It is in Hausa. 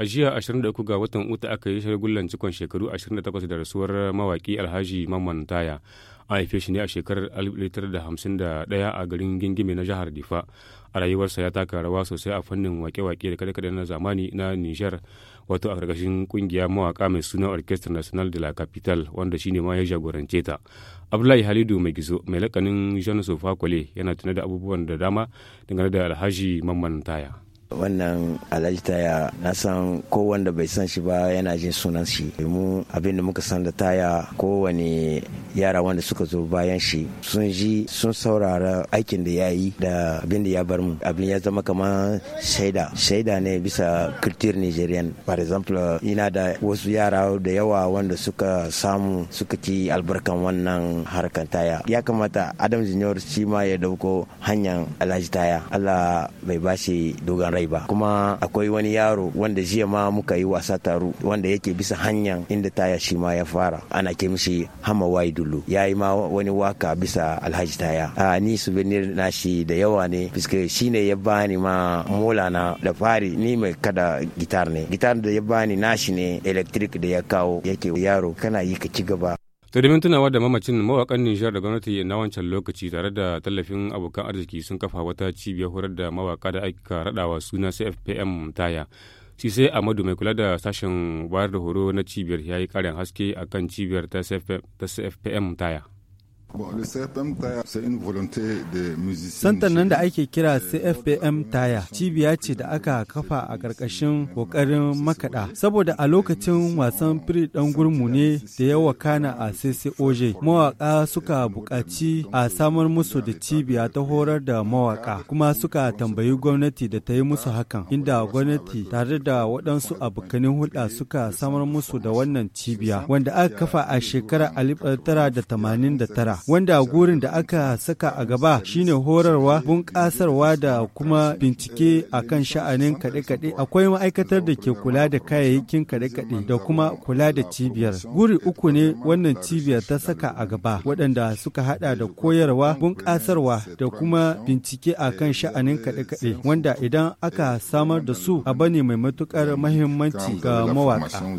a jiya 23 ga watan uta aka yi shagullan cikon shekaru 28 da rasuwar mawaki alhaji mamman taya a haife shi ne a shekarar 1951 a garin gingime na jihar difa a rayuwarsa ya taka rawa sosai a fannin wake-wake da kada-kada na zamani na niger wato a karkashin kungiya mawaka mai suna orchestra national de la capital wanda shi ne ma ya jagorance ta abdullahi halidu mai gizo mai lakanin jean sofa kwale yana tuna da abubuwan da dama dangane da alhaji mamman taya wannan alhaji taya na san kowanda bai san shi ba yana jin sunan shi mu abin da muka san da taya kowane yara wanda suka zo bayan shi sun ji sun saurara aikin da ya yi da abin da ya bar mu abin ya zama kamar shaida shaida ne bisa culture nigerian for example ina da wasu yara da yawa wanda suka samu suka ci albarkan wannan harkan taya ya kamata adam junior shi ma ya dauko hanyar alhaji taya allah bai bashi dogon rai rai ba kuma akwai wani yaro wanda jiya ma muka yi wasa taro wanda yake bisa hanyar inda taya shi ma ya fara ana ke mishi hama wai dulu ya yi ma wani waka bisa alhaji taya a ni souvenir na shi da yawa ne fiske shi ne ya bani ma mola na da fari ni mai kada gitar ne gitar da ya bani nashi ne electric da ya kawo yake yaro kana yi ka ci gaba da domin tunawa da mamacin mawakan nijar da gwamnati na wancan lokaci tare da tallafin abokan arziki sun kafa wata cibiyar horar da mawaka da aika raɗawa suna cfpm taya sisai amadu mai kula da sashen bayar da horo na cibiyar ya yi karin haske akan cibiyar ta cfpm taya Santan nan da ake kira CFPM Taya cibiya ce da aka kafa a ƙarƙashin ƙoƙarin makaɗa. Saboda a lokacin wasan firi ɗan gurmu ne da ya wakana a CCOJ, mawaƙa suka buƙaci a samar musu da cibiya ta horar da mawaƙa, kuma suka tambayi gwamnati da ta yi musu hakan, inda gwamnati tare da waɗansu abokanin hulɗa suka samar musu da wannan cibiya, wanda aka kafa a shekarar 1989. wanda gurin da aka saka a gaba shine horarwa bunƙasarwa da kuma bincike a kan sha'anin kaɗe-kaɗe akwai ma'aikatar da ke kula da kayayyakin kaɗe-kaɗe da kuma kula da cibiyar guri uku ne wannan cibiyar ta saka a gaba waɗanda suka haɗa da koyarwa bunƙasarwa da kuma bincike a kan sha'anin kaɗe-kaɗe wanda idan aka samar da su a bane mai matuƙar mahimmanci ga mawaƙa.